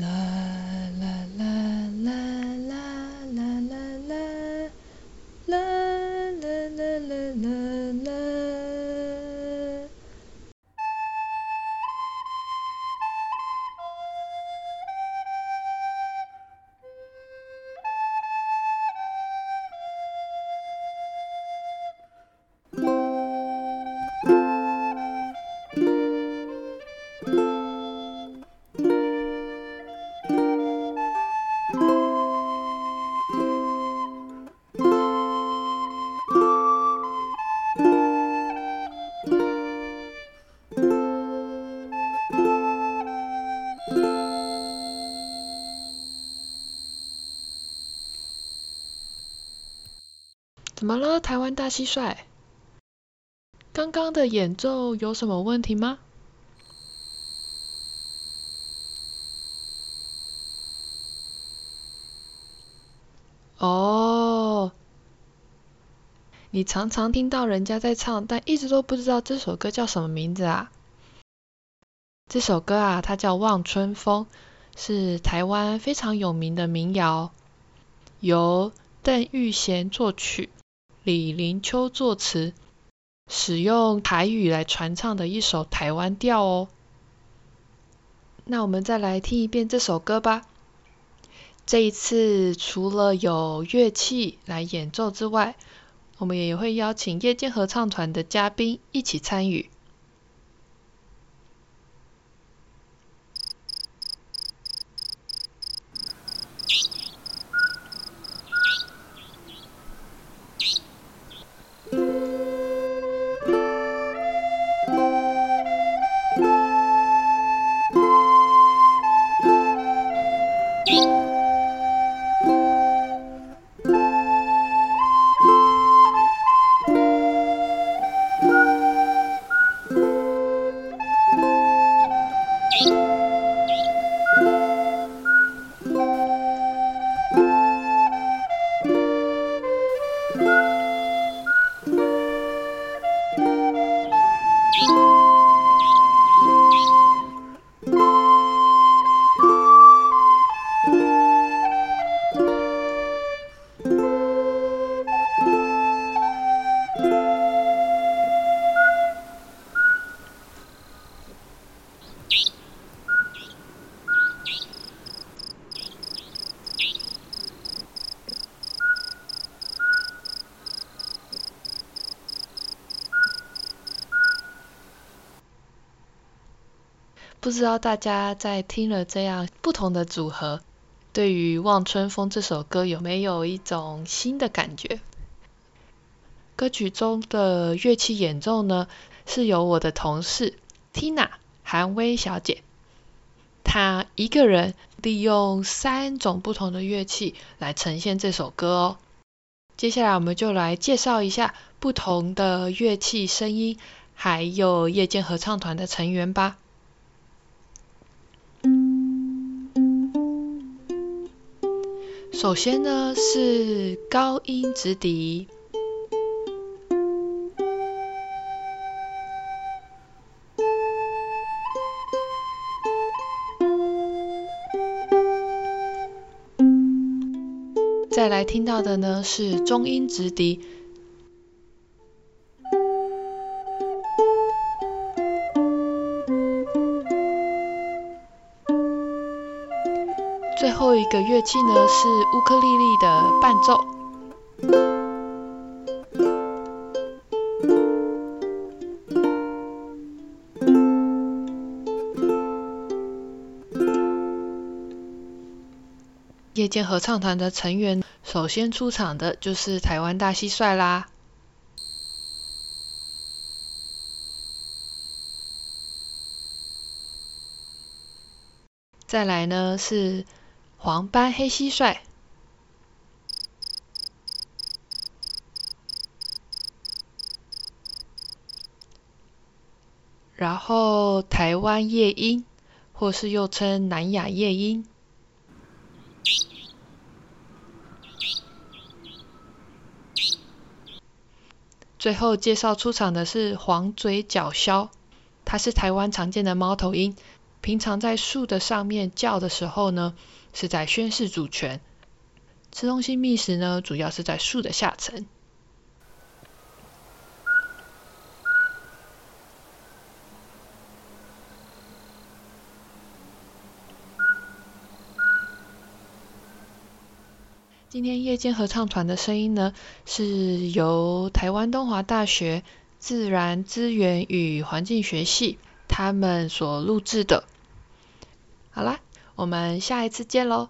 來怎麼了，台灣大蟋蟀？剛剛的演奏有什麼問題嗎？哦，你常常聽到人家在唱，但一直都不知道這首歌叫什麼名字啊。這首歌啊，它叫《望春風》，是台灣非常有名的民謠，由鄧玉賢作曲。李林秋作詞，使用台語來傳唱的一首台灣調哦。那我們再來聽一遍這首歌吧。這一次除了有樂器來演奏之外，我們也會邀請夜間合唱團的嘉賓一起參與。不知道大家在聽了這樣不同的組合，對於《望春風》這首歌有沒有一種新的感覺？歌曲中的樂器演奏呢，是由我的同事 Tina 韓葳小姐，她一個人利用三種不同的樂器來呈現這首歌哦。接下來我們就來介紹一下不同的樂器聲音，還有夜間合唱團的成員吧。首先呢，是高音直笛，再來聽到的呢是中音直笛。最後一個樂器呢，是烏克麗麗的伴奏。夜間合唱團的成員，首先出場的就是台灣大蟋蟀啦。再來呢是，黃斑黑蟋蟀，然後台灣夜鷹，或是又稱南亞夜鷹。最後介紹出場的是黃嘴角鴞，它是台灣常見的貓頭鷹。平常在樹的上面叫的時候呢，是在宣示主權。吃東西覓食呢，主要是在樹的下層。今天夜間合唱團的聲音呢，是由台灣東華大學自然資源與環境學系。他們所錄製的。好啦，我們下一次見嘍。